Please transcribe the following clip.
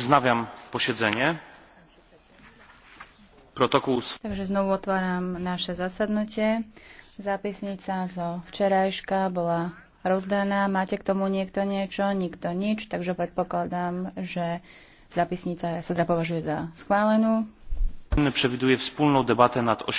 wznawiam posiedzenie protokół Takže znovu otváram naše zasadnutie. Zápisnica zo včerajška bola rozdaná. Máte k tomu niekto niečo? Nikto nič. Takže predpokladám, že zápisnica sa teda považuje za schválenú. Przewiduje wspólną debatę nad